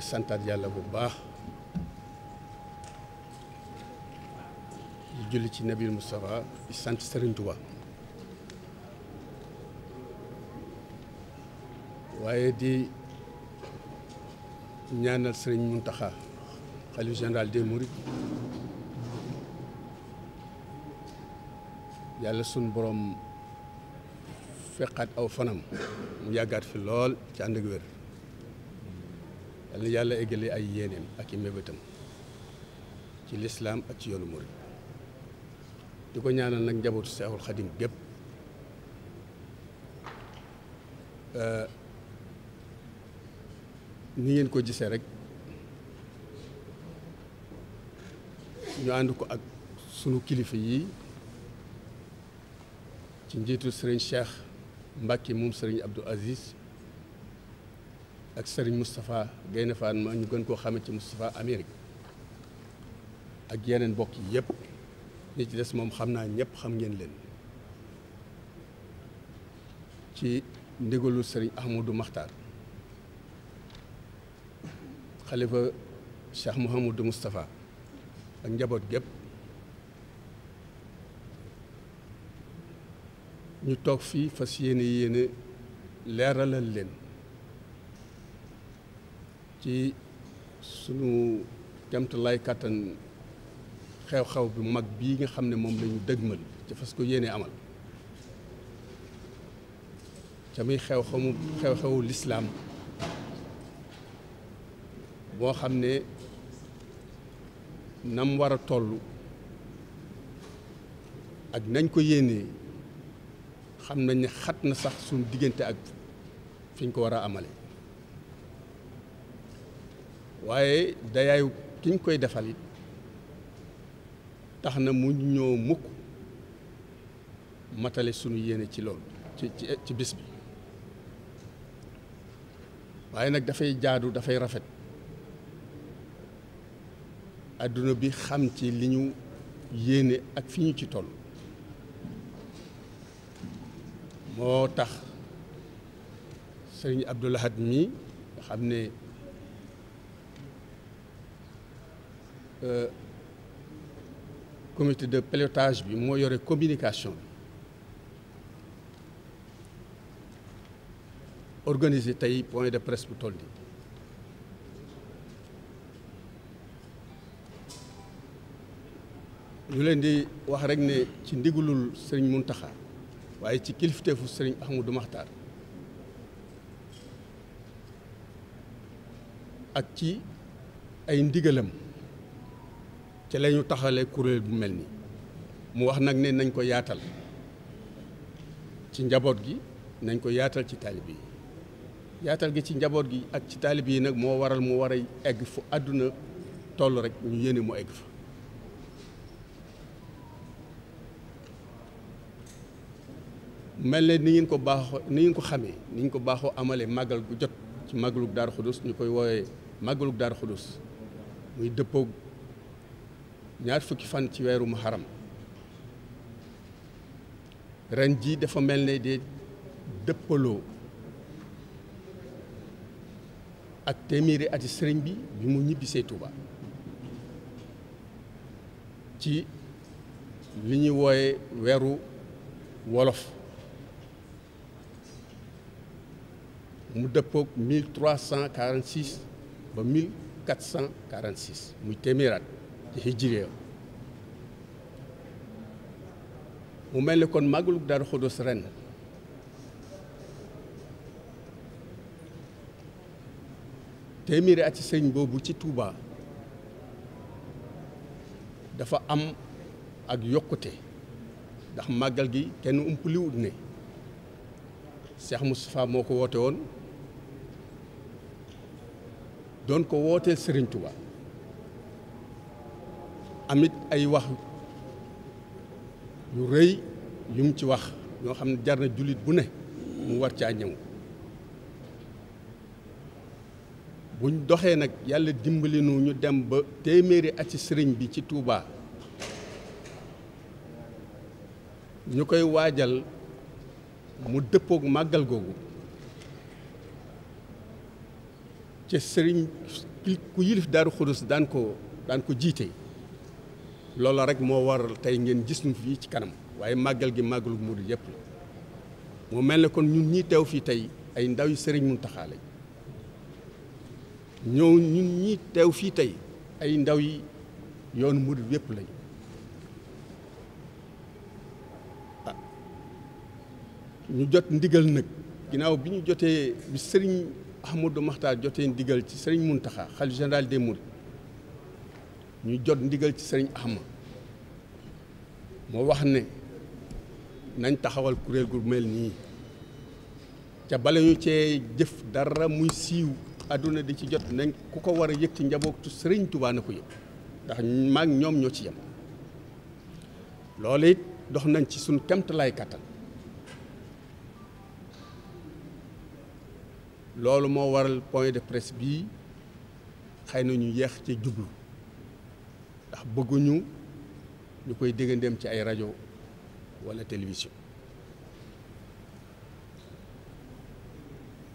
di santaat yàlla bu baax di julli ci nabil Moustapha di sant Serigne waaye di ñaanal Serigne taxa xalif général des Mourides yàlla sun borom feqaat aw fanam mu yàggaat fi lool ci ànd ak wér yàlla yàlla ay yéeneem ak i mébétam ci lislaam ak ci yoonu murit di ko ñaana nag njabootu Seexul Xadim gépp ni ngeen ko gisee rek ñu ànd ko ak sunu kilifa yi ci njiitu sëriñ Cheikh Mbacke moom sëriñ Abdou Aziz ak Serigne Moustapha Gaynde Fatma ñu gën koo xamante ci Moustapha Amérique ak yeneen mbokk yépp yëpp ci des moom xam naa ñëpp xam ngeen leen ci ndigalu Serigne Ahmadou Makhtar xalifa Cheikh Mouhamadou mustafa ak njaboot gépp ñu toog fii fas yéene yéene leeralal leen ci suñu kemt kàttan xew-xew bu mag bii nga xam ne moom lañu ñu dëgmal ci fas ko yéene amal ca muy xew xew lislaam boo xam ne nam war a toll ak nañ ko yéenee xam nañ ne xat na sax suñu diggante ak fi ñu ko war a amale waaye dayaayu ki ñu koy defal it tax na mu ñoo mukk matale sunu yéene ci lool ci ci bis bi waaye nag dafay jaadu dafay rafet àdduna bi xam ci li ñu yéene ak fi ñu ci toll moo tax sëriñ Abdoul Ahad mi nga xam ne Euh, comité de pilotage bi moo yore communication bi organiser tey point de presse bu toll nii ñu leen di wax rek ne ci ndigalul sëriñ taxa waaye ci kilifteefu sëriñ du Maxtaar ak ci ay ndigalam ci la ñu taxalee kuréel bu mel nii mu wax nag ne nañ ko yaatal ci njaboot gi nañ ko yaatal ci taalib yi yaatal gi ci njaboot gi ak ci taalib yi nag moo waral mu war a egg fu àdduna toll rek ñu yéene mu egg fa mel ne ni ngeen ko baaxoo ni ngeen ko xamee ni ngeen ko baaxoo amale màggal gu jot ci màggalug Daaru Xudus ñu koy woowee màggalug Daaru Xudus muy dëppoog ñaar fukki fan ci weeru muharam ren ji dafa mel ne de dëppaloo ak téeméeri ati sëriñ bi bi mu ñibbisee Touba ci li ñuy wooye weeru wolof mu dëppook 1346 ba 1446 muy téeméeraat hijriya mu mel ni kon màggalu Daaru Xudoos ren téeméeri ati sëñ boobu ci Touba dafa am ak yokkute ndax màggal gi kenn umpaliwut ne Cheikh Moustapha moo ko woote woon doon ko wooteel sëriñ Touba. amit ay wax yu rëy yu mu ci wax ñoo xam ne jar na jullit bu ne mu war caa ñëw buñ doxee nag yàlla dimbali nu ñu dem ba téeméeri ati sëriñ bi ci Touba ñu koy waajal mu dëppook màggal googu ci sëriñ ku yilif Daaru Xudus daan ko daan ko jiite loola rek moo waral tey ngeen gis ñu fii ci kanam waaye màggal gi màggalu murid yépp la moo mel ne kon ñun ñii teew fii tey ay ndaw yu sëriñ Muntaxa lañ ñëw ñun ñii teew fii tey ay ndaw yi yoonu murid yëpp lañ ah. ñu jot ndigal nag ginnaaw bi ñu jotee bi sëriñ Ahmadou Maxtaar jotee ndigal ci sëriñ Muntaxa xalifa général des mourides ñu jot ndigal ci sëriñ Ahmad moo wax ne nañ taxawal kuréel gu mel nii ca bala ñu cee jëf dara muy siiw àdduna di ci jot nañ ku ko war a yëg ci njabootu sëriñ Tuubaa na ko yëg ndax maag ñoom ñoo ci yem loolu it dox nañ ci suñu kemtalaay kàttan loolu moo waral point de presse bii xëy na ñu yeex ci jublu ndax bëgguñu ñu koy déggandeem ci ay rajo walla télévision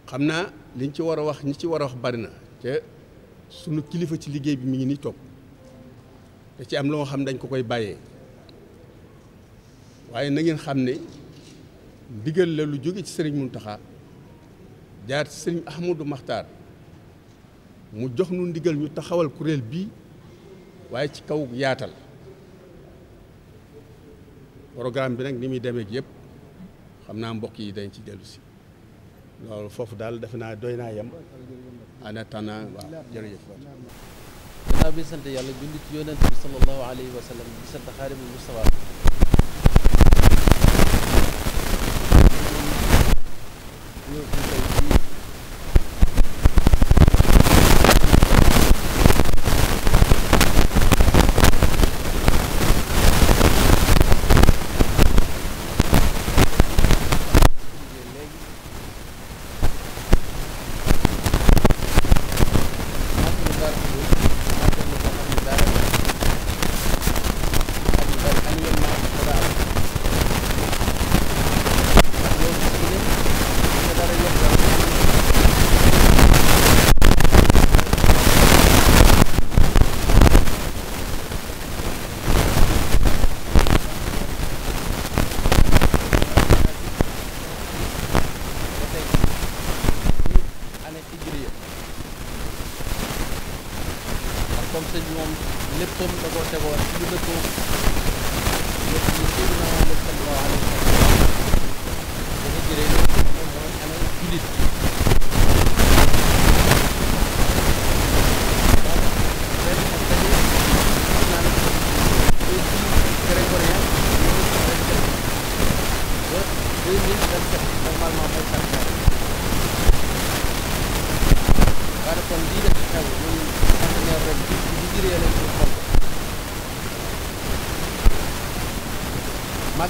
xam naa liñ ci war a wax ñi ci war a wax bari na te sunu kilifa ci liggéey bi mi ngi ni toog te ci am loo xam ne dañ ko koy bàyyee waaye na ngeen xam ne ndigal la lu jóge ci sëriñ taxa jaar ci sëriñ Ahmadou Maxtaar mu jox nu ndigal ñu taxawal kuréel bii waaye ci kaw yaatal programme bi nag ni muy demeek yëpp xam naa mbokk yi dañ ci dellu si foofu daal defe naa doy naa yem en attendant waaw jërëjëf gannaaw bi sant yàlla julli ci yonent bi Mustafa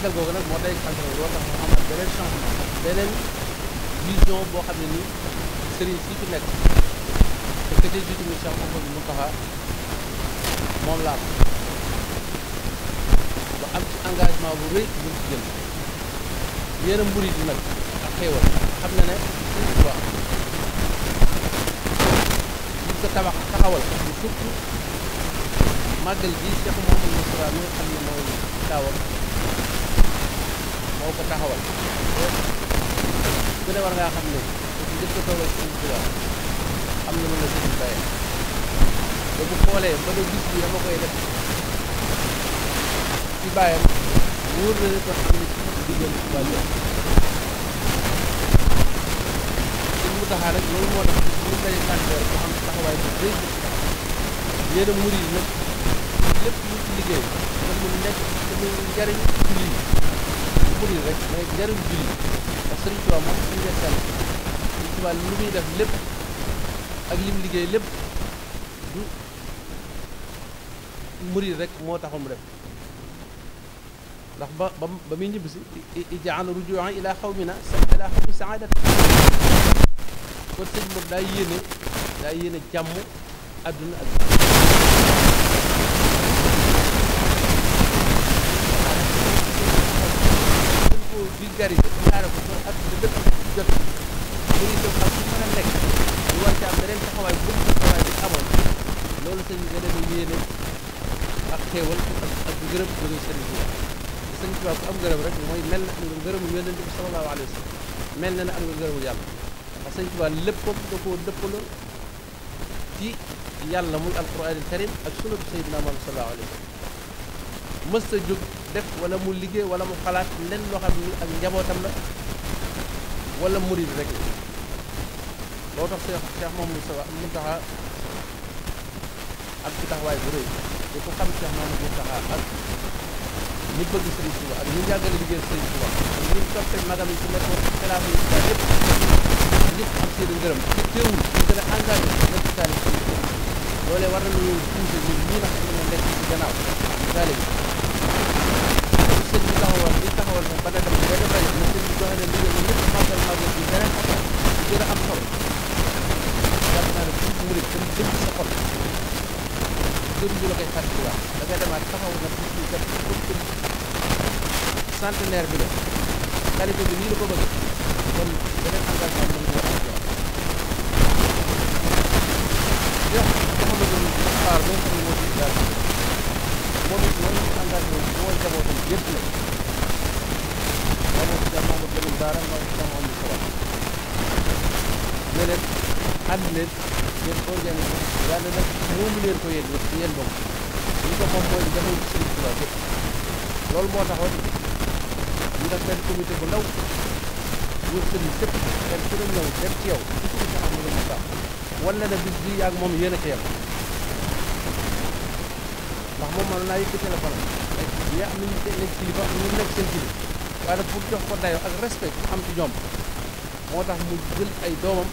màggal googu nag moo day sant loo tax mu amal beneen changement beneen vision boo xam ne ni sëriñ si fi nekk te que tey moom laa ko ba am ci engagement bu rëy bu jël yéen a yi nag ak xéewal xam na ne suñu baax ko tabax taxawal surtout màggal gi Cheikh Mouhamadou Mountakha mi nga xam ne mooy taawam. moo ko taxawal ku ne war ngaa xam ne njëkk a bu xoolee ba ne bis bi dama koy def ci bàyyam wóor na ne ko xam ne ci digal ba ñëw suñ mu taxaa rek loolu moo tax ñu daje tàngoor bu am taxawaay bu rëy yéen nag lépp liggéey te mu nekk te mu njariñ ci yi rek li muy def lépp ak yim liggéey lépp du murid rek moo tax mu def ndax ba ba ba muy ñibbisi ijaal rujuan ila xawmina sa ila xawmi saadat kon sëñ moom daa yéene daa yéene jàmm àdduna ak vulgariser ñaare ko soo ak da dëkk bi jot sëriñ tam ak fu mën a nekk ñu war ci am beneen taxawaay bu taxawaay bi amoon loolu sëñ bi nga leen yéene ak xéewal ak ak ngërëm jóge sëriñ bi sëñ bi ku am ngërëm rek mooy mel na am nga ngërëmu yonent bi sallallahu alayhi wa sallam mel na ne am nga ngërëmul yàlla ndax sëñ Tuubaa léppam da koo dëppaloo ci yàlla muy alquran al karim ak sunna bi sayyidina Muhammad sallallahu alayhi wa sallam mës ta jóg def wala mu liggéey wala mu xalaat lenn loo xam ni ak njabootam la wala murid rek loo tax Cheikh Cheikh Mouhamadou Moustapha Mountakha ak ci taxawaay bu rëy di ak ñi bëgg Serigne liggéey Serigne Touba ak ak seen ñu gën a engagé nekk ci taalib Serigne Touba loolee war nañu pousser ñun ci gannaaw taalib taxawal moom ba def ba def rajo na sëñ bi joxe leen liggéey ñëpp màggal màggal bi beneen affaire bu gën a am solo jàpp naa ne bu murit tam dëgg sa xol jëriñ la koy fàttaliwaat da ngay demaat taxaw na bis bi kat comme centenaire bi la qualité bi nii la ko bëgg kon beneen engagement mën nga ko jox Mouhamadou Moustapha bi nga xam ne moo ci daal moom it noonu engagement bi moo jabootam yëpp la دارا وإسلام عند الصلاة ne leen ànd leen ngeen organisé yàlla nag moomu leen ko yéen ci yéen bopp li ko moom mooy dafay Sëriñ Tuubaa bu ndaw ñu sëriñ sëpp kenn ku ne ñëw def ci yow ci na bis bii ak moom yéen a ca ndax moom mën naa yëkk téléphone ay yaa am nañu nekk kilifa ñu nekk seen kilifa waaye pour jox ko dayoo ak respect bu am ci ñoom moo tax mu jël ay doomam mu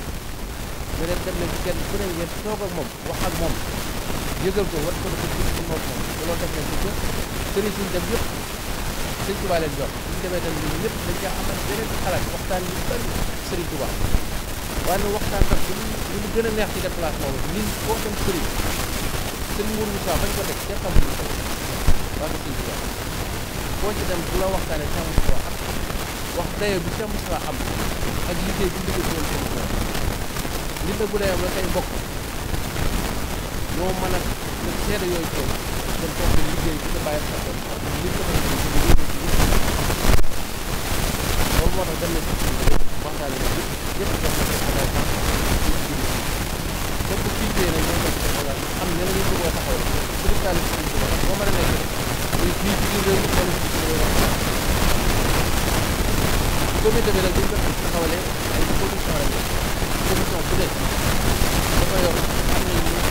ne dem nañ kenn ku ne ngeen toog ak moom wax ak moom yëgal ko war ko dafa def nañ ko sëriñ suñ dem yëpp sëriñ dem ñun ñëpp dañ caa amal beneen xalaat waxtaan yu bëri nag waxtaan tax gën a neex ci def boobu ñun foo dem sëriñ sëriñ Mourou Moussa bañ ci dem bu la waxtaanee ca dayoo bi Cheikh Moustapha xam ak li na bu dayoo la tey mbokk ñoo mën a def yooyu tool dem toog liggéey bi da bàyyi sa tool parce que liñ ko doon def loolu moo tax dem nañ ci waxtaan yi yëpp yëpp jox na ko ay sax képp kii tey nag ñoo nekk ci xoolal xam ne la ñu bëgg a taxawal. sëriñ Taalib sëriñ Tuubaa boo mën a nekk muy fii ci biir réew mi comité bi nag bu ñu ko taxawalee ay commission la ñu commission bu nekk dafa yor am nañu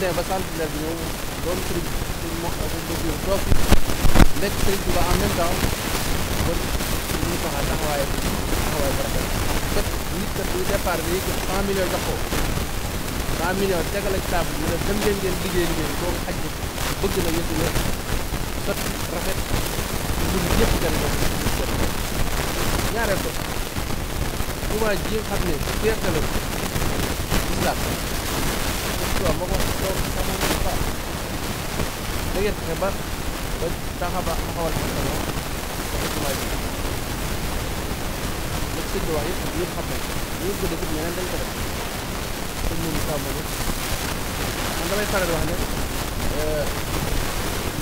demee ba centenaire bi bu rafet kat nit kat bu départ bi jox 100 millions jox ko tegal ak table mu ne dem ngeen liggéey liggéey boobu xaj bëgg na yëngu la rafet ñun ñaareel ko Tuubaa ji xam ne teertale ko dëgër fexe ba ba taxaba taxawal masala dafa ci lépp sëñ bi wax yëpp yëpp xam nañ ñëpp ko ko def sëñ moomu saa moomu man damay faral wax ne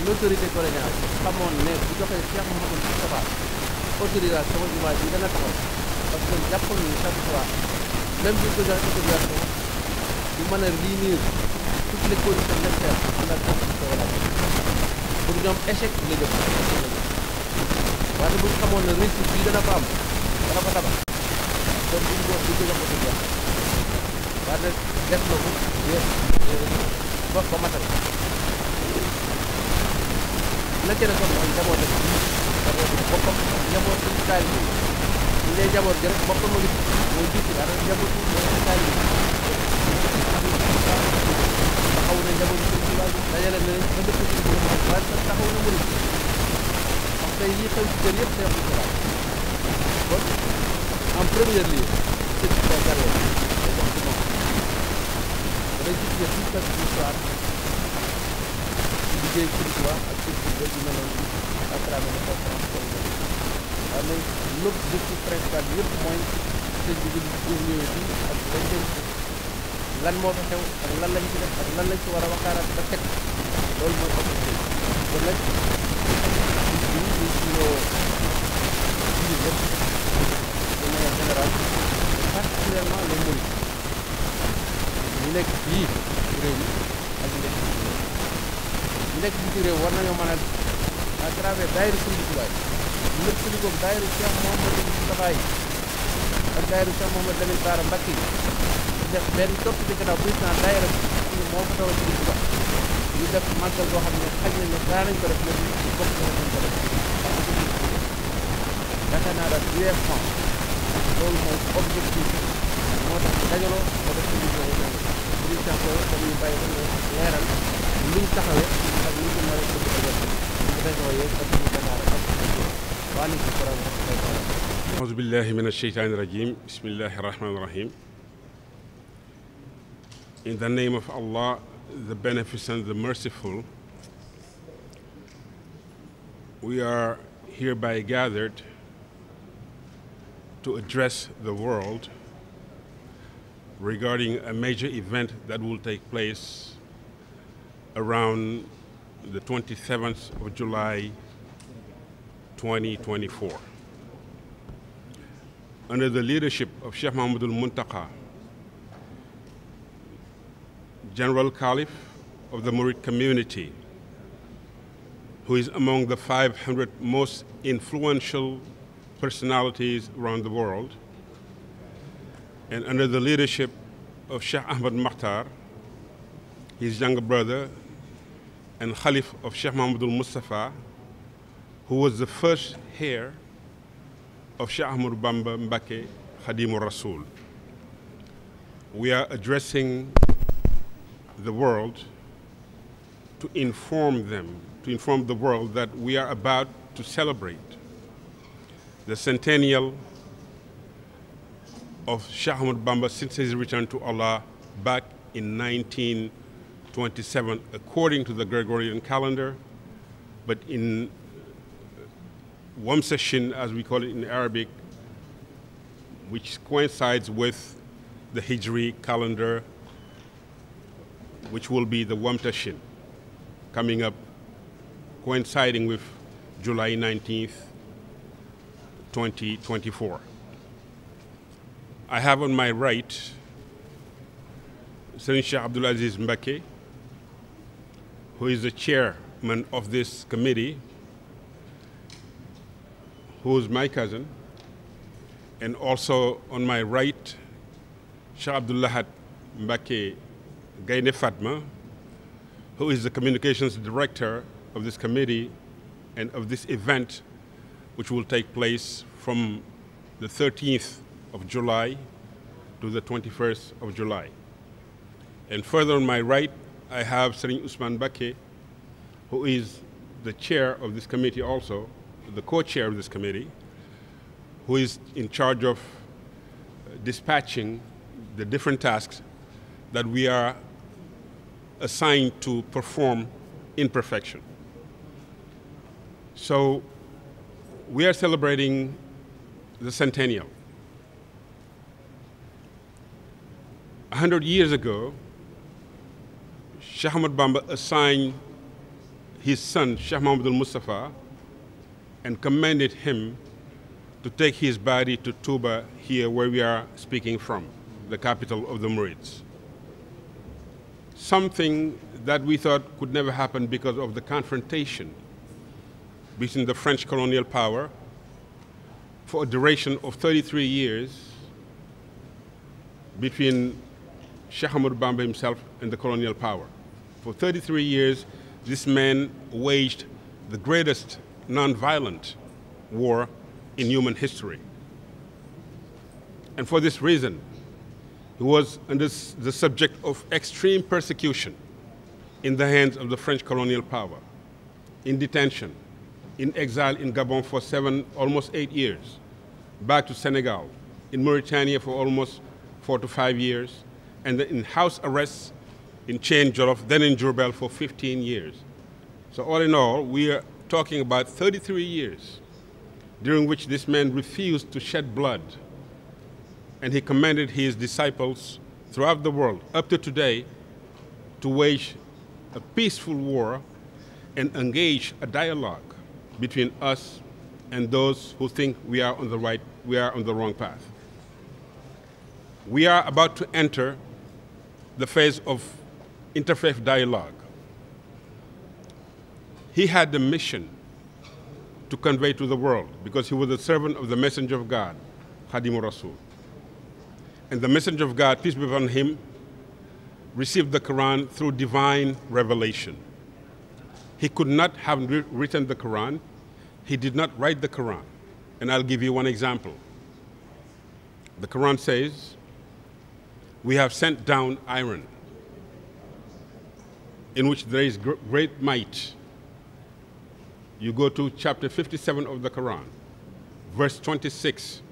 l'autorité coloniale xamoon ne bu joxee Cheikh Mouhamadou Moustapha autorisation jumaa ji dana taxaw parce que jàppal ni chaque fois même bi ko joxe autorisation du mën a réunir toutes les conditions nécessaires pour la construction de la pour ñoom échec la jëm waaye bu xamoon ne réussite bi dana ko am dana ko tabax kon duñ ko duñ ko yokk si ñoom waaye nag def na ko euh, ba ba matal la ca des mooy njaboot ak njaboot bi boppam njaboot suñu taal bi ñu lay njaboot gi rek boppam a liggéey mooy jiitu daanaka njaboot suñu taal bi taxaw na njaboot ba dëkk ci biir waaye sax taxaw na mënul wax tey lii xew ci kër yëpp Cheikh Moustapha kon en premier lieu sëñ bi daal garé woon day wax ci moom dafay gis ne tout à ak ci biir léegi mel noonu à travers les conférences yëpp mooy sëñ bi ñëwee bi ak dañ lan moo fa xew ak lan lañ ci lan lañ ci war a waxtaanaat ba teg loolu mooy objectif kon nag nekk fii ci réew mi ak ñu nekk ci nekk ci réew war nañoo mën a à travers daayiru Sëriñ Tuubaa ñu nekk suñu bopp daayiru Cheikh Mouhamadou Moustapha yi ak daayiru Cheikh Mouhamadou Lamine Bara Mbacké yi def benn topp ci gannaaw président daayira bi moo ko tawal ci Touba ñu def màggal boo xam ne xaj nañ ne daa nañ ko def mais duñ ci bopp danañ ko def yaakaar naa daal UEF loolu mooy objectif moo tax dajaloo ba def suñu jiw yooyu président boobu dañuy bàyyi ba nga leeral luñ taxawee ak luñ ko mën a dugg a jot région yooyu ak suñu Dakar ak suñu wàllu programme bi. auzu billahi min acheytaani rajim bismillahi rahmaani rahim In the name of Allah, the Beneficent, the Merciful, we are hereby gathered to address the world regarding a major event that will take place around July Under the leadership of Sheikh Mahmoud al-Muntaqa, General Caliph of the Murid community, who is among the 500 most influential personalities around the world, and under the leadership of Sheikh Ahmed Makhtar, his younger brother, and Khalif of Sheikh Muhammad al-Mustafa, who was the first heir of Sheikh Ahmed Bamba Mbake Khadimur Rasul. We are addressing the world to inform them, to inform the world that we are about to celebrate the centennial of Shah Bamba since his return to Allah back in according to the Gregorian calendar, but in one session, as we call it in Arabic, which coincides with the Hijri calendar which will be the Wamtashin, coming up, coinciding with July I have on my right Serin Sheikh Abdulaziz Mbake, who is the chairman of this committee, who is my cousin, and also on my right, Sheikh Abdullah Mbake Gaynde Fatma, who is the communications director of this committee and of this event, which will take place from the 13th of July to the 21st of July. And further on my right, I have Sering Usman Bakke, who is the chair of this committee also, the co-chair of this committee, who is in charge of uh, dispatching the different tasks that we are assigned to perform in perfection. So we are celebrating the centennial. A hundred years ago, Sheikh Bamba assigned his son, Sheikh Muhammad al and commanded him to take his body to Tuba here where we are speaking from, the capital of the Murids. something that we thought could never happen because of the confrontation between the French colonial power for a duration of 33 years between Sheikh Bamba himself and the colonial power. For 33 years, this man waged the greatest non-violent war in human history. And for this reason, He was under the subject of extreme persecution in the hands of the French colonial power, in detention, in exile in Gabon for seven, almost eight years, back to Senegal, in Mauritania for almost four to five years, and in house arrest in Chain Jolof, then in Jurbel for 15 years. So all in all, we are talking about 33 years during which this man refused to shed blood and he commanded his disciples throughout the world up to today to wage a peaceful war and engage a dialogue between us and those who think we are on the wrong path we are about to enter the phase of interfaith dialogue he had the mission to convey to the world because he was a servant of the messenger of god Khadimu and the messenger of God, peace be upon him, received the Quran through divine revelation. He could not have written the Quran. He did not write the Quran. And I'll give you one example. The Quran says, We have sent down iron, in which there is great might. You go to chapter 57 of the Quran, verse 26.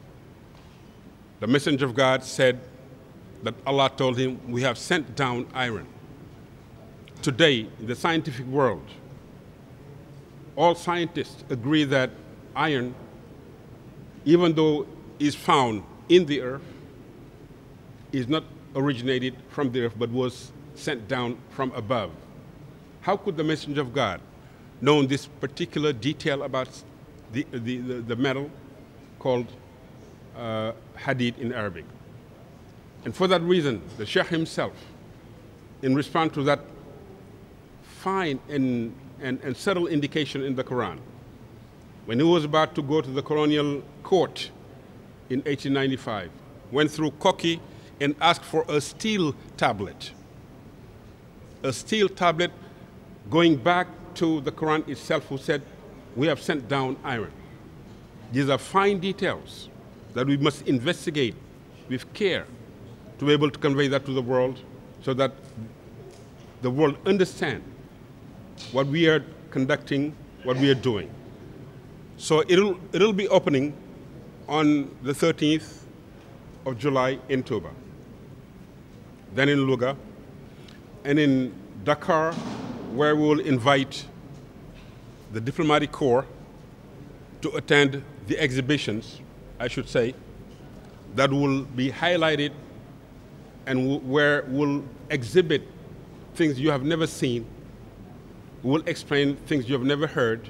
The messenger of God said that Allah told him, We have sent down iron. Today, in the scientific world, all scientists agree that iron, even though is found in the earth, is not originated from the earth but was sent down from above. How could the messenger of God, knowing this particular detail about the, the, the, the metal called uh, hadith in Arabic. And for that reason, the Sheikh himself, in response to that fine and, subtle indication in the Quran, when he was about to go to the colonial court in 1895, went through Koki and asked for a steel tablet. A steel tablet going back to the Quran itself, who said, We have sent down iron. These are fine details that we must investigate with care to be able to convey that to the world so that the world understand what we are conducting, what we are doing. So it'll, it'll be opening on the 13th of July in Toba, then in Luga, and in Dakar, where we will invite the diplomatic corps to attend the exhibitions I should say, that will be highlighted and where will exhibit things you have never seen, will explain things you have never heard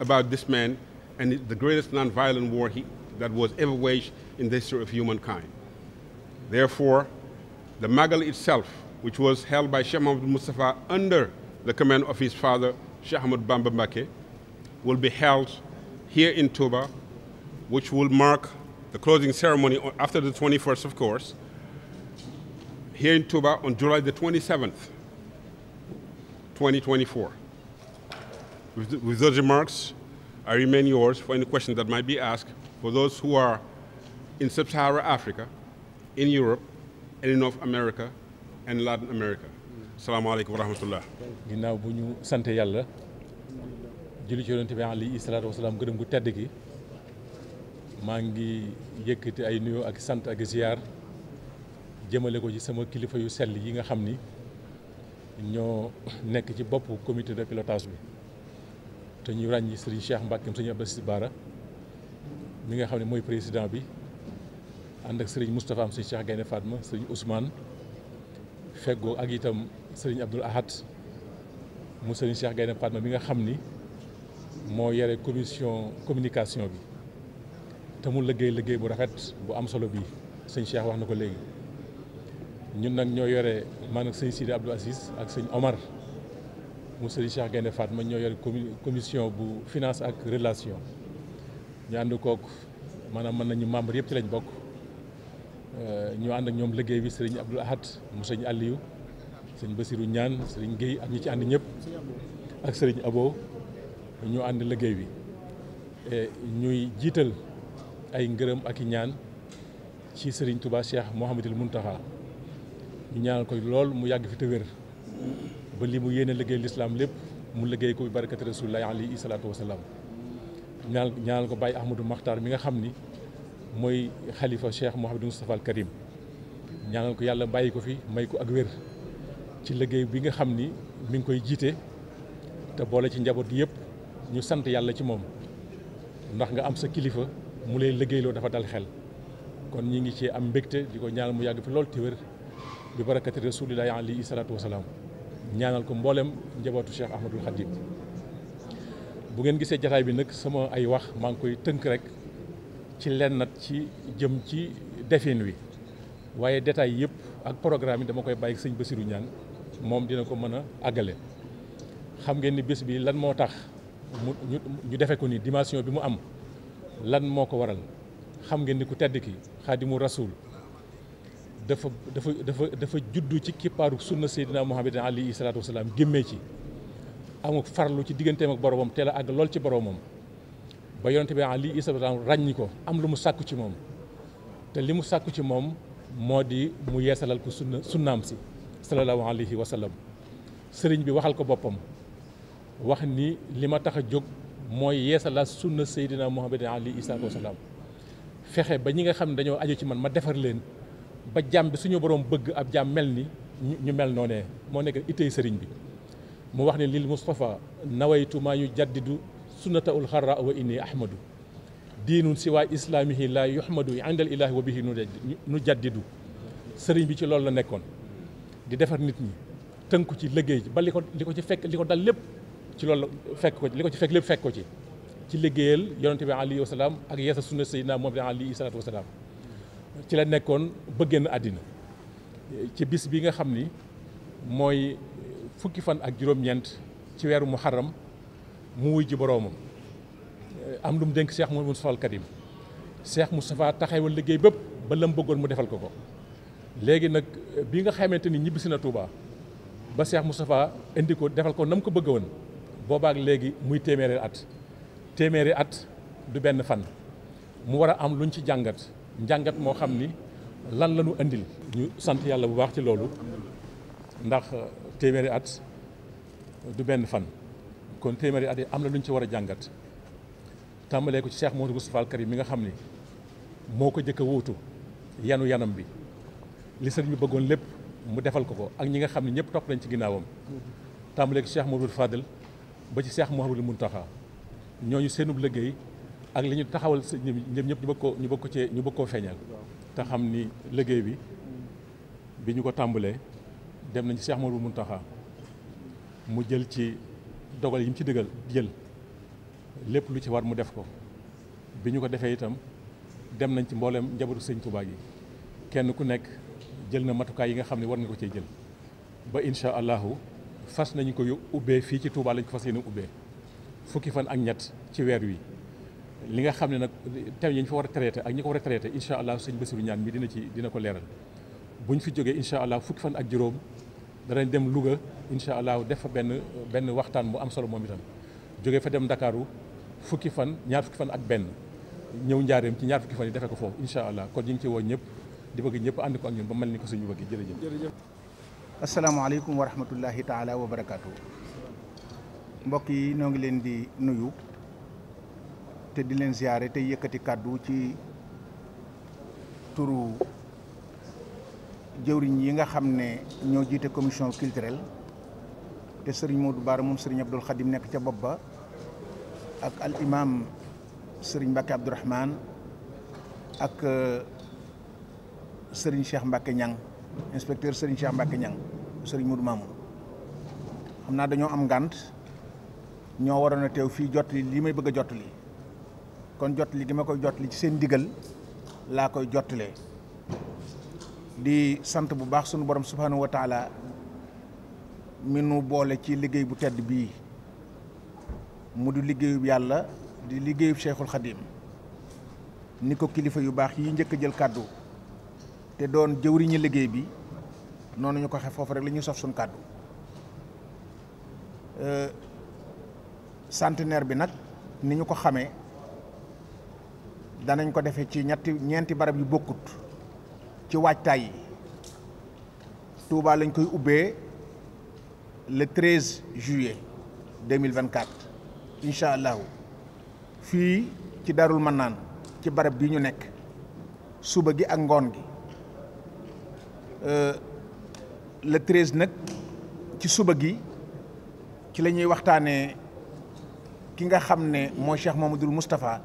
about this man and the greatest nonviolent war that was ever waged in the history of humankind. Therefore, the Magal itself, which was held by Sheikh Mohammed Mustafa under the command of his father, Sheikh Ahmed Bamba will be held here in Toba which will mark the closing ceremony after the 21st, of course, here in Tuba on July With, those remarks, I remain yours for any questions that might be asked for those who are in sub Africa, in Europe, and in North America, and Latin America. salaamaaleykum wa rahmatullah. ginnaaw bu ñu sant yàlla. julli ci yonent bi alayhi salaatu wasalaam gërëm tedd gi. maa ngi yëkkati ay nuyoo ak sant ak ziar jëmale ko ci sama kilifa yu sell yi nga xam ni ñoo nekk ci bopp comité de pilotage bi te ñu ràññi Serigne Cheikh Mbacke Serigne Abdou Aziz Bara mi nga xam ne mooy président bi ànd ak Serigne Moustapha am Serigne Cheikh Gaynde Fatma Serigne Ousmane feggoo ak itam Serigne Abdoul Ahad mu Serigne Cheikh Gaynde Fatma bi nga xam ni moo yore commission communication bi. te mu liggéey liggéey bu rafet bu am solo bii sëñ Cheikh wax na ko léegi ñun nag ñoo yore maanaam sëñ Sidi Abdou Aziz ak sëñ Omar mu sëñ Cheikh Gaynde Fatma ñoo yore commission bu finance ak relation ñu ànd kook maanaam mën nañu membre yëpp ci lañ bokk euh, ñu ànd ñoom liggéey bi sëriñ Abdoul Ahad mu sëñ Aliou sëñ Basirou Ñaan sëriñ Guèye ak ñi ci ànd ñëpp ak sëriñ Abo ñu ànd liggéey bi ñuy jiital ay ngërëm ak i ñaan ci sëriñ tubaa Cheikh Mouhamadul Mountakha ñu ñaanal ko lool mu yàgg fi te wér ba li mu yéene liggéey lislaam lépp mu liggéey ko bi barakati rasulillahi alayhi salaatu wasalaam ñaanal ñaanal ko Baye Ahmadou Makhtar mi nga xam ni mooy xalifa Cheikh Mouhamadou Moustapha al Karim ñaanal ko yàlla bàyyi ko fi may ko ak wér ci liggéey bi nga xam ni mi ngi koy jiite te boole ci njaboot gi yëpp ñu sant yàlla ci moom ndax nga am sa kilifa mu lay liggéeyloo dafa dal xel kon ñi ngi ci am mbégte di ko ñaanal mu yàgg fi lool te wér bi barakati rasulillahi alayhi salaatu wasalaam ñaanal ko mbooleem njabootu Cheikh Ahmadul Khadim bu ngeen gisee jataay bi nag sama ay wax maa ngi koy tënk rek ci lennat ci jëm ci defin wi waaye détail yëpp ak programme yi dama koy bàyyi sëñ Basirou Niang moom dina ko mën a àggale xam ngeen ni bés bi lan moo tax mu ñu defe ko ni dimension bi mu am lan moo ko waral xam ngeen ni ku tedd ki xaadimu rasuul dafa dafa dafa dafa juddu ci kippaaru sunna seydina muhammad alayhi salaatu wasalaam gémmee ci amul farlu ci digganteem ak boromam teel a àgg lool ci boromam ba yonente bi alayhi salaatu wasalaam ràññi ko am lu mu sàkku ci moom te li mu sàkku ci moom moo di mu yeesalal ko sunna sunnaam si sallallahu alayhi wa sallam sëriñ bi waxal ko boppam wax ni li ma tax a jóg mooy yeesalaat sunna Seydina Muhammad alayhi salaatu wasalaam fexe ba ñi nga xam ne dañoo aju ci man ma defar leen ba jàmm bi suñu borom bëgg ab jàmm mel ni ñu mel noonee moo nekk itey sëriñ bi mu wax ne lil Moustapha nawaytu maa ñu jaddidu sunnata ul xarra wa inni ahmadu diinun si waa islaamihi laa yuhmadu indal ilaahi wa bihi nu jaddidu sëriñ bi ci loolu la nekkoon di defar nit ñi tënku ci liggéey ba li ko li ko ci fekk li ko dal lépp ci loolu fekk li ko ci fekk lépp ko ci ci liggéeyal yonente bi alayhi wasalaam ak yeesa sunna naa moom bi alayhi salaatu wasalaam ci la nekkoon ba génn àddina ci bis bi nga xam ni mooy fukki fan ak juróom-ñeent ci weeru muharram mu wuy ji boroomam am lu mu dénk Cheikh Moustapha al Karim mu Moustapha taxawal liggéey bépp ba lam bëggoon mu defal ko ko léegi nag bi nga xamante ni ñibbisi na Touba ba mu Moustapha indi ko defal ko nam ko bëgg woon boobaak léegi muy téeméeri at téeméeri at du benn fan mu war a am luñ ci jàngat jàngat moo xam ni lan la ñu andil. ñu sant yàlla bu baax ci loolu ndax euh, téeméeri at du benn fan kon téeméeri at yi am na luñ ci war a jàngat tàmbalee ko ci Cheikh Modou Moustapha Al Karim mi nga xam ni moo ko jëkk wuutu wóotu yanu yanam bi li sëriñ bi bëggoon lépp mu defal ko ko ak ñi nga xam ne ñëpp topp nañ ci ginnaawam tàmbalee ko Cheikh Modou Fadel. ba ci Seex Muhammadul Muntaxa ñooñu seenub liggéey ak li ñu taxawal ñëpp ñëpp ñu bëgg ko ñu bëgg ko cee ñu bëgg koo feeñal te xam ni liggéey bi bi ñu ko tàmbalee dem nañ ci Seex Muhammadul taxa mu jël ci dogal yi mu ci dëggal jël lépp lu ci war mu def ko bi ñu ko defee itam dem nañ ci mbooleem njabootu sëñ Tuubaa yi kenn ku nekk jël na matukaay yi nga xam ne war nga ko cee jël ba incha allahu fas nañu ko ubbee fii ci Touba lañ ko fas yéene ubbee fukki fan ak ñett ci weer wi. li nga xam ne nag thèmes yi ñu fa war a traité ak ñi ko war a traité incha allah sëñ Bassirou ñaan mi dina ci dina ko leeral bu ñu fi jógee incha allah fukki fan ak juróom danañ dem Louga incha allah def fa benn benn waxtaan bu am solo moom itam jógee fa dem Ndakaaru fukki fan ñaar fukki fan ak benn ñëw njaareem ci ñaar fukki fan yi defee ko foofu incha allah kon ñu ngi ci woo ñëpp di bëgg ñëpp ànd ko ak ñun ba mel ni ko suñu asalaamaaleykum wa rahmatullahi taala wa barakaatu mbokk yi ñoo ngi leen di nuyu te di leen ziare tey yëkkati kàddu ci turu jëwriñ yi nga xam ne ñoo jiite commission culturelle te sëriñ moo Modou Bara moom sëriñ Abdul Xadim nekk ca bopp ba ak al sëriñ Mbacke Abdourahman ak euh, sëriñ Cheikh Mbacke Niang inspecteur sëriñ Cheikh Mbacke Niang mu Modou Mamoun xam naa dañoo am ngànt ñoo waroon a teew fii jot li may bëgg a jot li kon jot li gi ma koy jot li ci seen ndigal laa koy jottalee di sant bu baax sunu borom subhanahu wa taala mi nu boole ci liggéey bu tedd bii mu di liggéeyub yàlla di liggéeyub Cheikhul Khadim ni ko kilifa yu baax yi njëkk a jël kàddu te doon jëwriñu liggéey bi noonu ñu ko xeex foofu rek li ñuy sof suñu kàddu euh, centenaire bi nag ni ñu ko xamee danañ ko defee ci ñetti ñeenti barab yu bokkut ci waajtaay yi Touba lañ koy ubbee le 13 juillet 2024 incha allahu fii ci Darul Mannaan ci barab bi ñu nekk suba gi ak ngoon gi. Euh, le treize nag ci suba gi ci la ñuy waxtaanee ki nga xam ne mooy Cheikh Mamadou Moustapha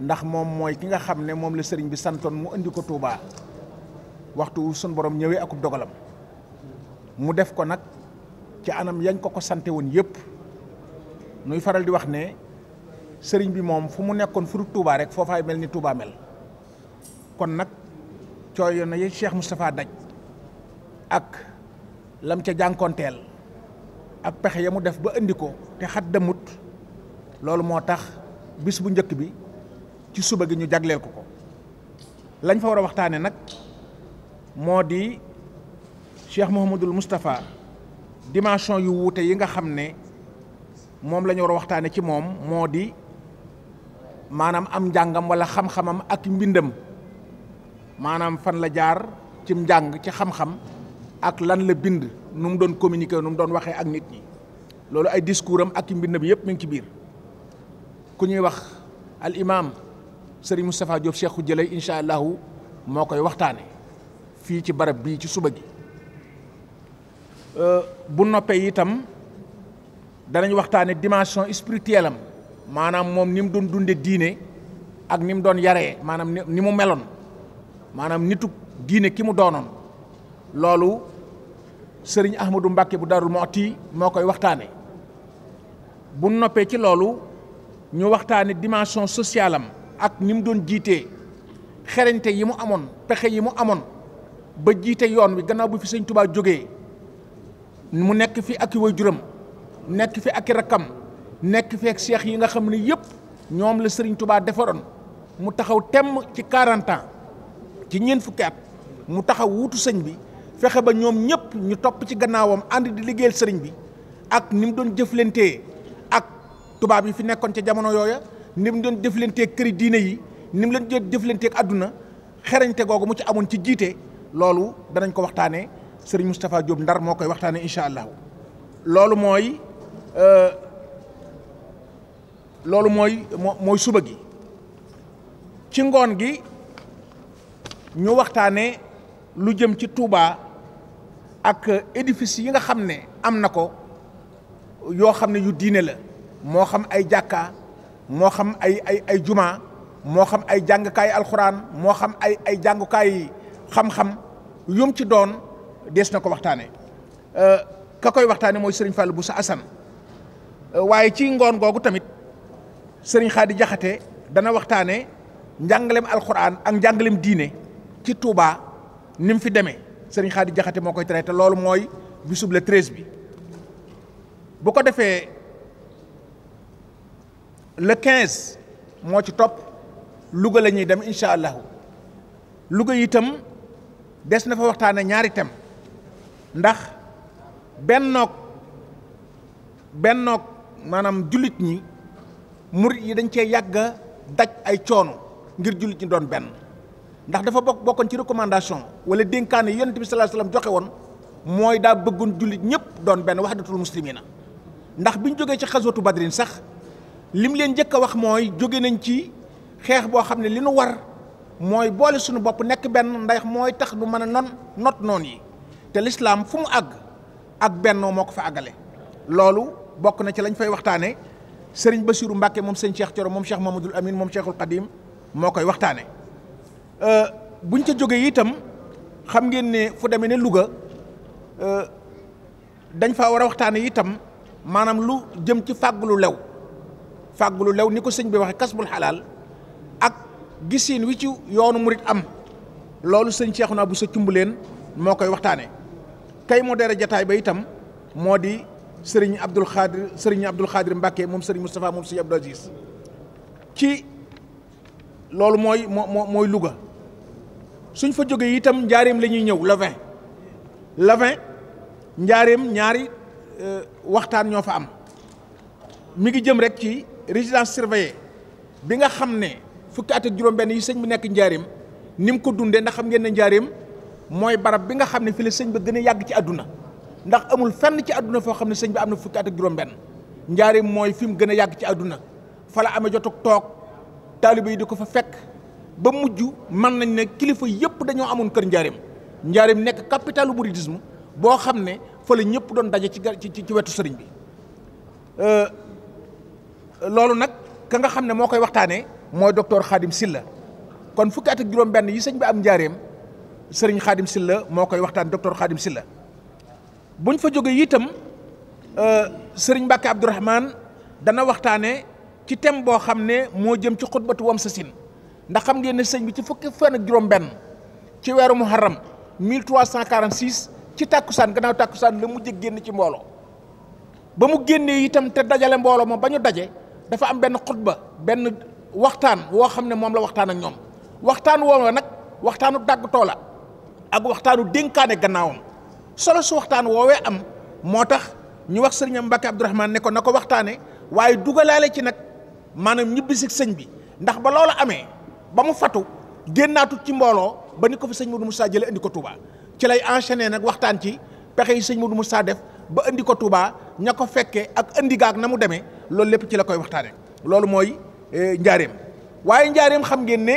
ndax moom mooy ki nga xam ne moom la sëriñ bi santoon mu indi ko Touba waxtu sun borom ñëwee akub dogalam mu def ko nag ci anam yañ ko ko sante woon yëpp nuy faral di wax ne sëriñ bi moom fu mu nekkoon furu Touba rek foofaay mel ni Touba mel kon nag cooy na Cheikh Moustapha daj. ak lam ca jànkonteel ak pexe ya mu def ba indi ko te xat demut loolu moo tax bis bu njëkk bi ci suba gi ñu jagleel ko ko lañ fa war a waxtaane nag moo di Cheikh Mouhamadul Moustapha dimension yu wuute yi nga xam ne moom lañu war a waxtaane ci moom moo di maanaam am njàngam wala xam-xamam ak mbindam maanaam fan la jaar cim njàng ci xam-xam ak lan la bind nu mu doon communiquer nu mu doon waxee ak nit ñi loolu ay discours am ak i mbind bi yëpp ngi ci biir ku ñuy wax al imam Serigne Moustapha Diop Cheikhou Jëlay incha allahu moo koy waxtaane fii ci barab bii ci suba gi euh, bu noppee itam danañ waxtaane dimension spirituelle maanaam moom ni mu doon dunde diine ak ni mu doon yare maanaam ni mu meloon maanaam nitu diine ki mu doonoon loolu sëriñ Ahmadou Mbacke bu darul Darou Mouhty moo koy waxtaane bu noppee ci loolu ñu waxtaane dimension sociale am ak ni mu doon jiitee xerañte yi mu amoon pexe yi mu amoon ba jiite yoon wi gannaaw bu fi sëñ Touba jógee mu nekk fi ak i waajuram nekk fi ak i rakkam nekk fi ak seex yi nga xam ne yëpp ñoom la sëriñ Touba defaroon mu taxaw temm ci 40 ans ci ñeent fukki at mu taxaw wuutu sëñ bi. fexe ba ñoom ñëpp ñu topp ci gannaawam ànd di liggéeyal sëriñ bi ak ni mu doon jëflantee ak tubaab yi fi nekkoon ca jamono yooya ni mu doon jëflantee këri diine yi ni mu leen doon jëflantee ak àdduna xerañte googu mu ci amoon ci jiite loolu danañ ko waxtaanee sëriñ Moustapha Diop Ndar moo koy waxtaanee incha allah loolu mooy euh, loolu mooy mooy suba gi ci ngoon gi ñu waxtaanee lu jëm ci Touba. ak édifice yi nga xam ne am na ko yoo xam ne yu diine la moo xam ay jàkka moo xam ay ay ay juma moo xam ay jàngukaayu alxuraan moo xam ay ay jàngukaayu xam-xam yum ci doon dees na ko waxtaane euh, ka koy waxtaane mooy sëriñ bu sa Assane euh, waaye ci ngoon googu tamit sëriñ Khady jaxate dana waxtaane njàngaleem alxuraan ak njàngaleem diine ci Touba ni fi demee. sëriñ Xaadi Jaxate moo koy traité loolu mooy bisub le treize bi bu ko defee le quinze moo ci topp Louga la ñuy dem incha allahu Louga itam des na fa waxtaane ñaari thèmes ndax bennoog bennoog maanaam jullit ñi murit yi dañ cee yàgga daj ay coono ngir jullit ñi doon benn ndax dafa bokk bokkoon ci recommandation wala dénkaane yonent bi sallallahu alayhi wasallam joxe woon mooy daa bëggoon jullit ñëpp doon benn wax wahdatul muslimina ndax bi ñu jógee ci xaswatu badrin sax li mu leen njëkk a wax mooy jóge nañ ci xeex boo xam ne li nu war mooy boole suñu bopp nekk benn ndex mooy tax du mën a non not noon yi te lislaam fu mu àgg ak bennoo moo ko fa àggale loolu bokk na ci lañ fay waxtaane sëriñ Basiru Mbàkke moom sëñ Cheikh Thioro moom Cheikh Mamadul Amin moom Cheikhul Qadim moo koy waxtaane Euh, buñ ca jógee itam xam ngeen ne fu demee ne Louga euh, dañ faa war a waxtaanee itam maanaam lu jëm ci fàggulu lew fàggulu lew ni ko sëñ bi waxe kasbul xalaal ak gisiin wi ci yoonu murit am loolu sëñ Cheikhouna bu sa cumb leen moo koy waxtaanee kay moo dere jataay ba itam moo di sëriñ Abdul Xaadir sëriñ Abdul Xaadir Mbàkke moom sëriñ Moustapha moom sëriñ Abdul Aziz ci loolu mooy moo mooy Louga suñ fa jógee itam njaareem la ñuy ñëw le 20 le 20 njaareem ñaari euh, waxtaan ñoo fa am mi ngi jëm rek ci résidence surveillée bi nga xam ne fukki at ak juróom-benn yi sëñ bi nekk njaareem ni mu ko dundee ndax xam ngeen ne njaareem mooy barab bi nga xam ne fi la sëñ bi gën a yàgg ci àdduna ndax amul fenn ci àdduna foo xam ne sëñ bi am na fukki at ak juróom-benn njaareem mooy fi mu gën a yàgg ci àdduna fa la amee jotug toog taalibe yi di ko fa fekk. ba mujj man nañ ne kilifa yëpp dañoo amoon kër njaareem njaarim nekk capitalu mouridisme boo xam ne fa la ñëpp doon daje ci ci ci wetu sëriñ bi euh, loolu nag ka nga xam ne moo koy waxtaanee mooy docteur Khadim Silla kon fukki at juróom-benn yi sëñ bi am njaarim sëriñ Khadim Silla moo koy waxtaan docteur Khadim Silla buñ fa jógee itam euh, sëriñ Mbacke Abdourahman dana waxtaanee ci thème boo xam ne moo jëm ci xutbatu wam sa sin ndax xam ngeen ne sëñ bi ci fukki fan ak juróom-benn ci weeru muharram 1346 ci tàkkusaan gannaaw tàkkusaan la mujj génne ci mbooloo ba mu génnee itam te dajale mbooloo ma ba ñu daje dafa am benn xot ba benn waxtaan woo xam ne moom la waxtaan ak ñoom waxtaan woo nag waxtaanu dàggatoo la ak waxtaanu dénkaane gannaawam solo su waxtaan woowee am moo tax ñu wax sëriñam Mbacke Abdourahmane ne ko na ko waxtaane waaye dugalaale ci nag maanaam ñibbisi sëñ bi ndax ba loola amee. ba mu fatu génnaatut ci mbooloo ba ni ko fi sëñ mu saa jële indi ko Touba ci lay enchaîné nag waxtaan ci pexe yi sëñ mu saa def ba indi ko Touba ña ko fekkee ak indi gaag na mu demee loolu lépp ci la koy waxtaanee loolu mooy eh, njaareem waaye njaareem xam ngeen ne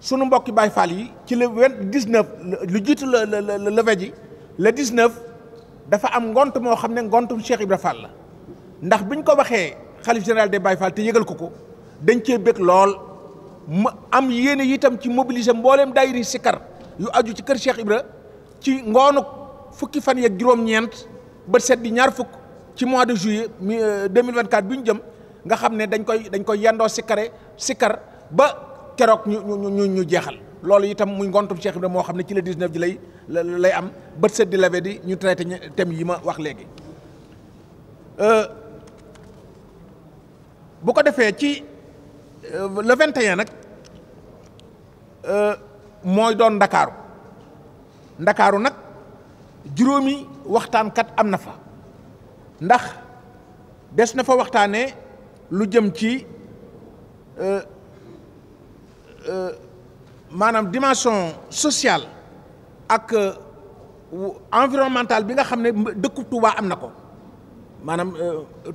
sunu mbokki Baye Fall yi ci le vingt dix neuf lu jiitu la la la levée ji le dix neuf dafa am ngont moo xam ne ngontum Cheikh Ibra Fall la ndax biñ ko waxee xalif général des Baye Fall te ko ko dañ cee bëgg lool. mu am yéene itam ci mobiliser mbooleem daayiri sikar yu aju ci kër Cheikh Ibra ci ngoonu fukki fan yeeg juróom-ñeent ba set di ñaar fukk ci mois de juillet mi 2024 euh, bi ñu jëm nga xam ne dañ koy dañ koy yendoo sikare sikar ba keroog ñu ñu jeexal loolu itam muy ngontum Cheikh Ibra moo xam ne ci le 19 ji lay lay am bët set di lave di ñu traité thème yi ma wax léegi euh, bu ko defee ci. Euh, le 21 nag euh, mooy doon ndakaaru ndakaaru nag juróomi waxtaankat am na fa ndax des na fa waxtaanee lu jëm ci euh, maanaam dimension sociale ak environnementale bi nga xam ne dëkku Touba am na ko maanaam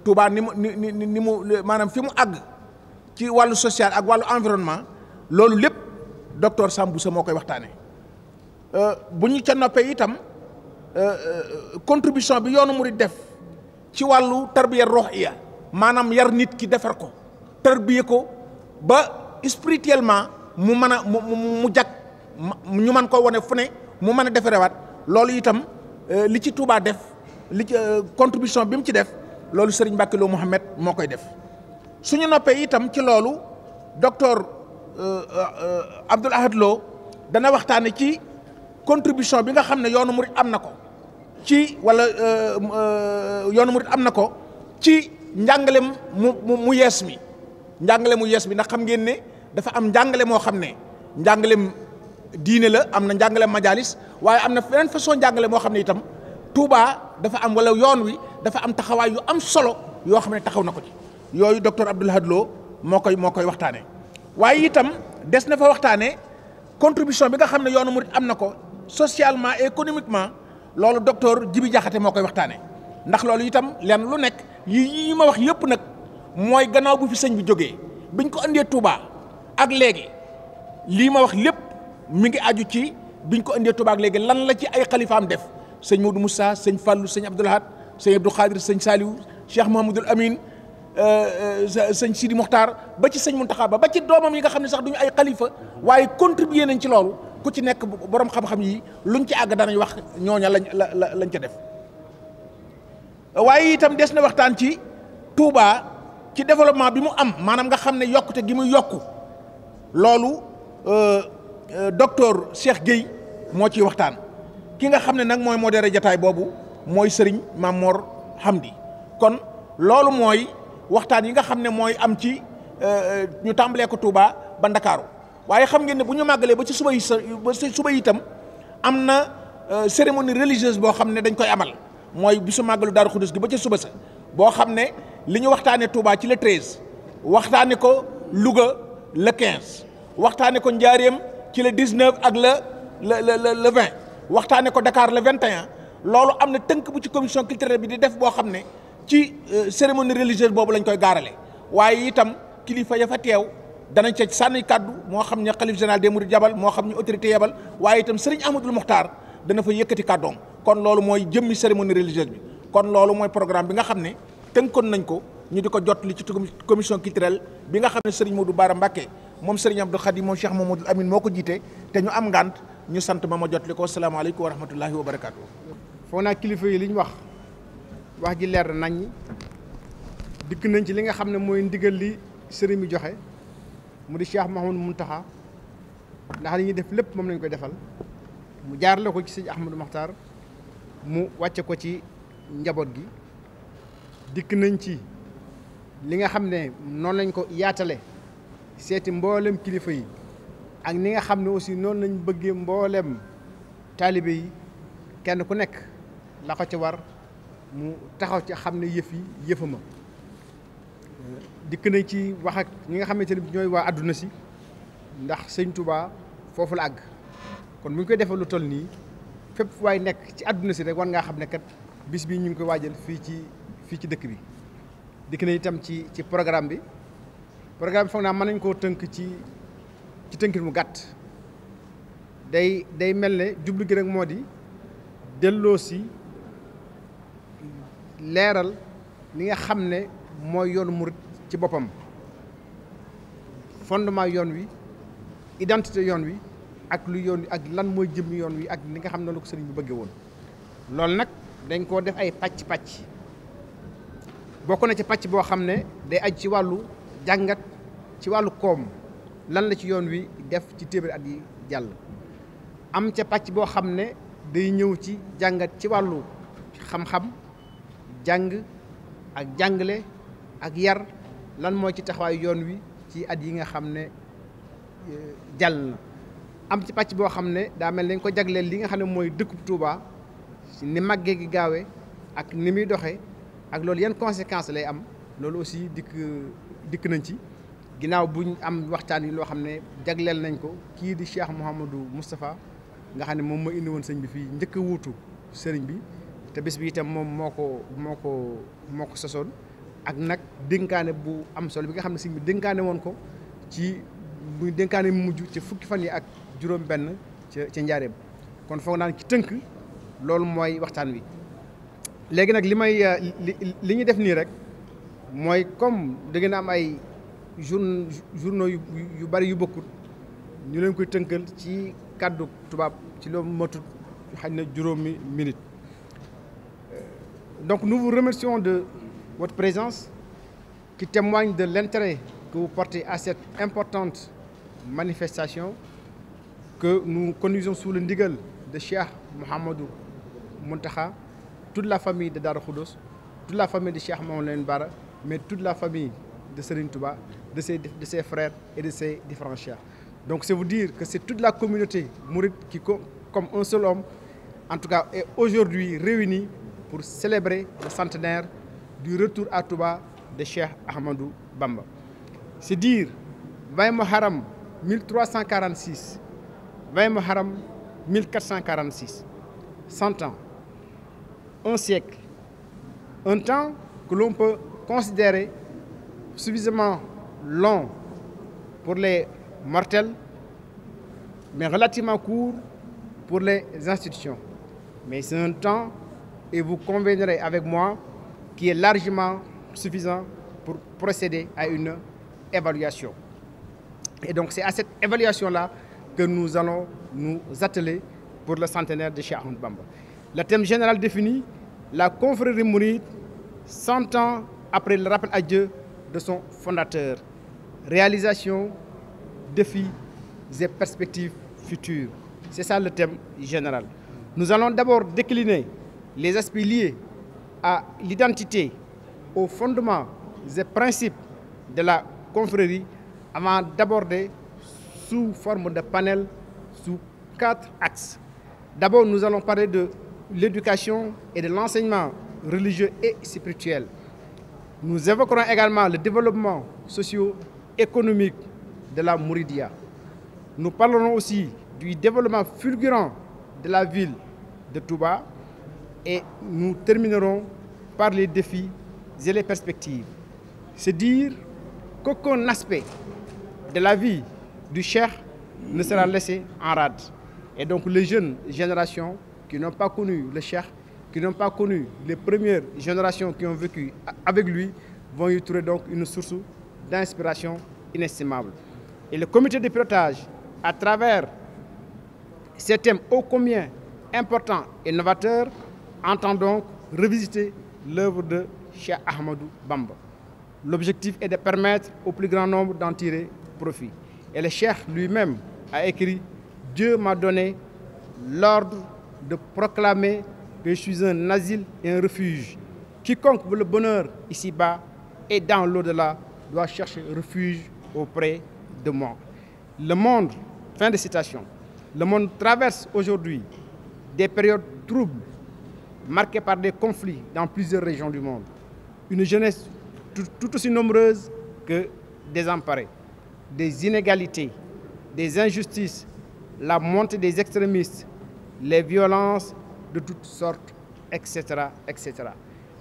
Touba ni mu ni ni mu maanaam fi mu àgg. ci wàllu social ak wàllu environnement loolu lépp docteur Samboussa moo koy waxtaanee euh, bu ñu ca noppee itam euh, euh, contribution bi yoonu murid def ci wàllu tarbiya ruhiya maanaam yar nit ki defar ko tarbiya ko ba spirituellement mu mën a mu mu jag ñu mën ko wane fu ne mu mën a defarewaat loolu itam li ci Touba def li ci contribution bi mu ci def loolu Serigne Mbacké Lo Mouhamed moo koy def suñu noppee itam ci loolu docteur euh, euh, Abdoul Ahad dana waxtaane ci contribution bi nga xam ne yoonu murit am na ko ci wala euh, yoonu murit am na ko ci njàngale mu mu yees mi njàngale mu yees mi ndax xam ngeen ne dafa am njàngale moo xam ne njàngalem diine la am na njàngalem majalis waaye am na beneen façon njàngale moo xam ne itam Touba dafa am wala yoon wi dafa am taxawaay yu am solo yoo xam ne taxaw na ko ci yooyu docteur Abdoul Ahad Lo moo koy moo koy waxtaanee waaye itam des na fa waxtaanee contribution bi nga xam ne yoonu murid am na ko socialement et économiquement loolu docteur Djibi Diakhaté moo koy waxtaanee ndax loolu itam lenn lu nekk yi yi ma wax yëpp nag mooy gannaaw bu fi sëñ bi jógee biñ ko indee Touba ak léegi lii ma wax lépp mu ngi aju ci biñ ko indee Touba ak léegi lan la ci ay xalifaam def sëñ Modou Moussa sëñ Fallou sëñ Abdoul Ahad sëñ Abdou Khadir sëñ Saliou Cheikh Mouhamadoul Amine Euh, euh, sëñ Sidi Mokhtar ba ci sëñ Mountakha ba ba ci doomam yi nga xam ne sax duñu ay xalifa waaye contribuer nañ ci loolu ku ci nekk boroom xam-xam yi luñ ci àgg danañ wax ñooña lañ la lañ ca def waaye itam des na waxtaan ci Touba ci développement bi mu am maanaam nga xam ne yokkute gi mu yokku loolu euh, docteur Cheikh Guèye moo ciy waxtaan ki nga xam ne nag mooy modéré jataay boobu mooy sëriñ xam Hamdi kon loolu mooy. waxtaan yi nga xam ne mooy am ci euh, euh, ñu tàmbalee ko Touba ba Ndakaaru waaye xam ngeen ne bu ñu màggalee ba ci suba yi ba ci suba itam am na euh, cérémonie religieuse boo xam ne dañ koy amal mooy bisu màggalu Daaru Xudus gi ba ca suba sa boo xam ne li ñu waxtaanee Touba ci le treize waxtaanee ko Louga le quinze waxtaanee ko Njaaréem ci le dix-neuf ak la la le le vingt waxtaanee ko Dakar le vingt et loolu am na tënk bu ci commission culturelle bi di def boo xam ne. ci euh, cérémonie religieuse boobu lañ koy gaarale waaye itam kilifa ya fa teew dana ca sànni kàddu moo xam ne xalif général des mourides yabal moo xam ne autorité yabal waaye itam sëriñ Ahmadul Muxtaar dana fa yëkkati kàddoom kon loolu mooy jëmmi cérémonie religieuse bi kon loolu mooy programme bi nga xam ne tënkoon nañ ko ñu di ko jot li ci commission culturelle bi nga xam ne sëriñ du Bara Mbacké moom sëriñ Abdou Khadim moom Cheikh Mamadou Amine moo ko jiite te am ngant ñu sant ma ma jot li ko salaamaaleykum wa rahmatullahi wa barakaatu. foo naa kilifa yi li ñu wax. wax ji leer na nañ dikk nañ ci li nga xam ne mooy ndigal li sëriñ bi joxe mu di Cheikh Mouhamadou taxa ndax li ñuy def lépp moom lañ ko defal mu jaarale ko ci sëñ Ahmadou Makhtar mu wàcce ko ci njaboot gi dikk nañ ci li nga xam ne noonu lañ ko yaatale seeti mboolem kilifa yi ak ni nga xam ne aussi noonu lañ bëggee mboolem taalibe yi kenn ku nekk la ko ci war mu taxaw ci xam ne yëf yi yëfa ma dikk nañ ci wax ak ñi nga xamante ne ñooy waa àdduna si ndax sëñ Touba foofu la àgg kon mu ñu koy defal lu toll nii fépp waay nekk ci àdduna si rek war ngaa xam ne kat bis bii ñu ngi koy waajal fii ci fii ci dëkk bi dikk na itam ci ci programme bi programme bi foog naa mën nañ koo tënk ci ci tënkit mu gàtt day day mel ne jublu gi rek moo di delloo si leeral li nga xam ne mooy yoonu murit ci boppam fondement yoon wi identité yoon wi ak lu yoon wi ak lan mooy jëm yoon wi ak li nga xam ne la ko sëriñ bi bëggee woon loolu nag dañ koo def ay pàcc-pàcc bokk na ci pàcc boo xam ne day aj ci wàllu jàngat ci wàllu koom lan la ci yoon wi def ci téeméer at yi jàll am ca pàcc boo xam ne day ñëw ci jàngat ci wàllu xam-xam jàng ak jàngale ak yar lan mooy ci taxawaay yoon wi ci at yi nga xam ne euh, jàll na am ci pàcc boo xam ne daa mel nañ ko jagleel li nga xam ne mooy dëkkub Touba ni màggee gi gaawee ak ni muy doxee ak loolu yan conséquence lay am loolu aussi dikk dikk nañ ci ginnaaw buñ am waxtaan yi loo xam ne jagleel nañ ko kii di Cheikh Mouhamadou Moustapha nga xam ne moom moo indi woon sëñ bi fii njëkk wuutu sëriñ bi te bis bi itam moom moo ko moo ko moo ko sosoon ak nag dénkaane bu am solo bi nga xam ne sëñ bi dénkaane woon ko ci muy dënkaane mu mujj ci fukki fan yi ak juróom benn ca ca njaareem kon foog naan ci tënk loolu mooy waxtaan wi léegi nag li may euh, li ñu def nii rek mooy comme da ngeen am ay jour journaux yu bari yu bokkut ñu leen koy tënkal ci kàddu tubaab ci loo matut xañ na juróomi minute Donc nous vous de votre présence qui témoigne de l'intérêt que vous portez à cette importante manifestation que nous conduisons sous le ndigal de Cheikh Mouhamadou taxa toute la famille de dara Khoudoss, toute la famille de Cheikh Mamadou Lamine Bara, mais toute la famille de Serigne Touba, de ses, de ses frères et de ses différents Donc c'est vous dire que c'est toute la communauté mouride qui, comme un seul homme, en tout cas, est aujourd'hui réunie pour célébrer le centenaire du retour à Touba de Cheikh Ahmadou Bamba. C'est dire 20 Muharram 1346, 20 Muharram 1446, 100 ans, un siècle, un temps que l'on peut considérer suffisamment long pour les mortels, mais relativement court pour les institutions. Mais c'est un temps et vous conviendrez avec moi qui est largement suffisant pour procéder à une évaluation. Et donc c'est à cette évaluation-là que nous allons nous atteler pour le centenaire de Cheikh Ahmadou Bamba. Le thème général défini, la confrérie mouride, 100 ans après le rappel à Dieu de son fondateur. Réalisation, défis et perspectives futures. C'est ça le thème général. Nous allons d'abord décliner les aspects liés à l'identité, au fondement et principes de la confrérie avant d'aborder sous forme de panel sous quatre axes. D'abord, nous allons parler de l'éducation et de l'enseignement religieux et spirituel. Nous évoquerons également le développement socio-économique de la Mouridia. Nous parlerons aussi du développement fulgurant de la ville de Touba, et nous terminerons par les défis et les perspectives. C'est dire qu'aucun aspect de la vie du Cheikh ne sera laissé en rade. Et donc les jeunes générations qui n'ont pas connu le Cheikh, qui n'ont pas connu les premières générations qui ont vécu avec lui, vont y trouver donc une source d'inspiration inestimable. Et le comité de pilotage, à travers ces thèmes ô combien important et novateurs, entend donc revisiter l'œuvre de Cheikh Ahmadou Bamba. L'objectif est de permettre au plus grand nombre d'en tirer Et le Cheikh lui-même a écrit « Dieu m'a donné l'ordre de proclamer que je suis un asile et un refuge. Quiconque veut le bonheur ici-bas et dans l'au-delà doit chercher refuge auprès de moi. Le monde, fin de citation, le monde traverse aujourd'hui des périodes troubles marquée par des conflits dans plusieurs régions du monde. Une jeunesse tout, tout aussi nombreuse que désemparée. Des inégalités, des injustices, la montée des extrémistes, les violences de toutes sortes, etc. etc.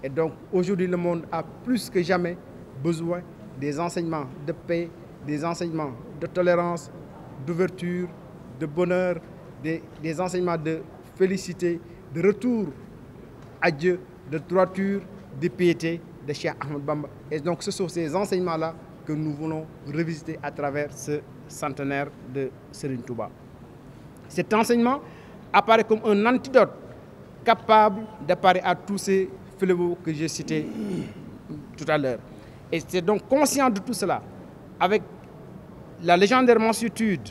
Et donc aujourd'hui le monde a plus que jamais besoin des enseignements de paix, des enseignements de tolérance, d'ouverture, de bonheur, des, des enseignements de félicité, de retour adieu, de droiture, de piété de Cheikh Ahmed Bamba. Et donc ce sont ces enseignements-là que nous voulons revisiter à travers ce centenaire de Serigne Touba. Cet enseignement apparaît comme un antidote capable d'apparaître à tous ces fléaux que j'ai cités tout à l'heure. Et c'est donc conscient de tout cela, avec la légendaire mansuétude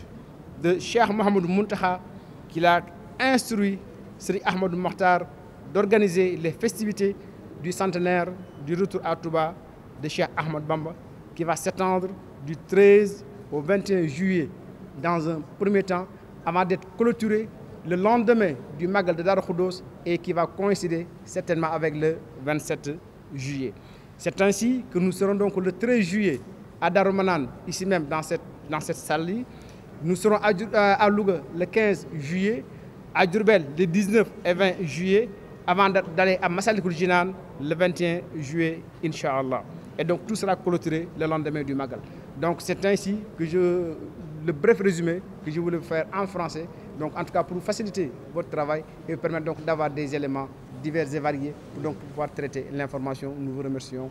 de Cheikh Mohamed Mountaha qu'il a instruit Sri Ahmadou Mokhtar d'organiser les festivités du centenaire du retour à Touba de Cheikh Ahmed Bamba qui va s'étendre du 13 au 21 juillet dans un premier temps avant d'être clôturé le lendemain du Magal de Darou Khoudoss et qui va coïncider certainement avec le 27 juillet. C'est ainsi que nous serons donc le 13 juillet à Darou Manane ici même dans cette dans cette salle-là. Nous serons à, euh, à Louga le 15 juillet, à Diourbel le 19 et 20 juillet avant d'aller à Massalikul Jinaan le 21 juillet incha allah et donc tout sera clôturé le lendemain du Magal donc c'est ainsi que je le bref résumé que voulais faire en français donc en tout cas pour faciliter votre travail et vous permettre donc d'avoir des éléments divers et variés pour donc pouvoir traiter l'information nous vous remercions